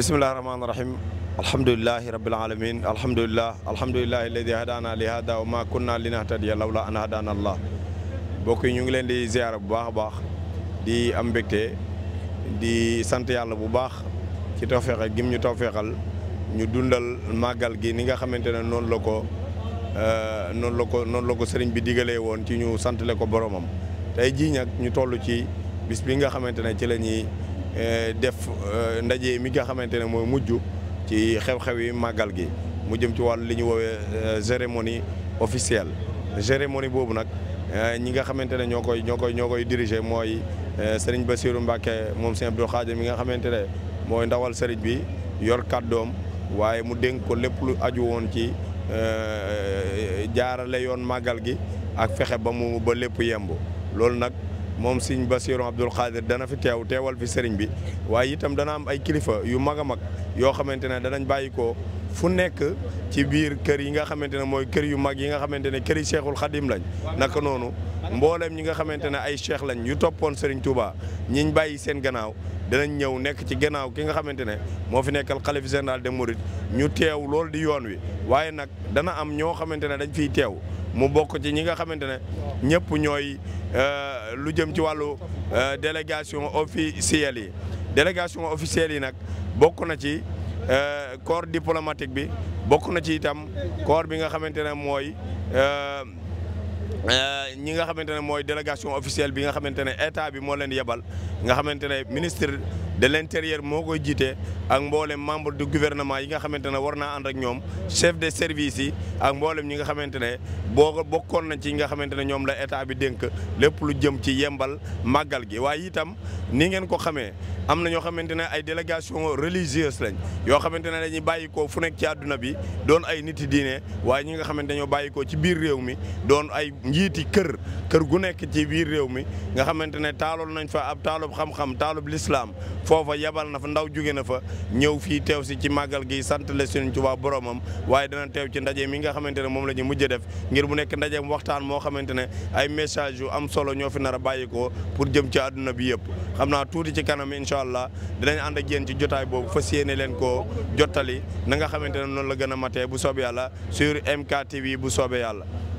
bismillahi rahmaani rahim alhamdulilahi rabbil alamin alhamdulilah alhamdulilahi alladi hadana li hada wa ma kunna linahtadiya lawla an hadana allah mbokk yi ñu ngi leen di ziyaara bu baax baax di am mbégte di sant yàlla bu baax ci tawfeex gim ñu tawfeexal ñu dundal màggal gi ni nga xamante ne noonu la ko euh, noonu la ko noonu la ko sëriñ bi digalee woon ci ñu santale ko boroomam tey jii nag ñu toll ci bis nga xamante ne ci Eh, def eh, ndaje mi nga xamante ne mooy mujj ci xew-xew yi màggal gi mu jëm ci wàllu li ñu woowee eh, cérémonie officielle cérémonie boobu nag ñi nga xamante ne ñoo koy ñoo koy ñoo koy diriger mooy Serigne Bassirou Mbacké moom Serigne Abdou mi nga xamante ne mooy ndawal Serigne bi yor kaddoom waaye mu dénk ko lépp lu aju woon ci jaarale yoon màggal gi ak fexe ba mu ba lépp yemb loolu nag. moom sëñ Bassirou Abdoul Khadir dana fi teew teewal fi sëriñ bi waaye itam dana am ay kilifa yu mag a mag yoo xamante ne danañ bàyyikoo fu nekk ci biir kër yi nga xamante ne mooy kër yu mag yi nga xamante ne kër yi Cheikhul Khadim lañ naka noonu mboolem ñi nga xamante ne ay cheikh lañ yu toppoon Serigne Touba ñiñ bàyyi seen gannaaw danañ ñëw nekk ci gannaaw ki nga xamante ne moo fi nekkal xalif général des mourides ñu teew loolu di yoon wi waaye nag dana am ñoo xamante ne dañ fiy teew mu bokk ci ñi nga xamante ne ñëpp ñooy euh, lu jëm ci wàllu euh, délégation officielle yi délégation officielle yi nag bokk na ci euh, corps diplomatique bi bokk na ci itam corps bi nga xamante ne mooy ñi nga xamante ne mooy délégation officielle bi nga xamante ne état bi moo leen yebal nga xamante ne ministre de l'intérieur moo koy jiite ak mboolem membre du gouvernement yi nga xamante ne war naa ànd ak ñoom chef de service yi ak mboolem ñi nga xamante ne boo bokkoon na ci nga xamante ne ñoom la état bi dénk lépp lu jëm ci yembal màggal gi waaye itam ni ngeen ko xamee am na ñoo xamante ne ay délégation religieuse lañ yoo xamante ne dañuy bàyyikoo fu nekk ci àdduna bi doon ay niti diine waaye ñi nga xamante ñoo bàyyikoo ci biir réew mi doon ay njiiti kër kër gu nekk ci biir réew mi nga xamante ne taaloon nañ fa ab taalub xam-xam taalub lislaam foofa yebal na fa ndaw jóge na fa ñëw fii teew si ci màggal gi sant la Sëriñ Tuubaa boromam waaye dana teew ci ndaje mi nga xamante ne moom la ñu mujj def ngir mu nekk ndaje waxtaan moo xamante ne ay message yu am solo ñoo fi nar a bàyyi ko pour jëm ci àdduna bi yëpp xam naa tuuti ci kanam incha allah dinañ ànd ak yéen ci jotaay boobu fas yéene leen koo jottali na nga xamante ne noonu la gën a matee bu soobee yàlla sur MK TV bu soobee yàlla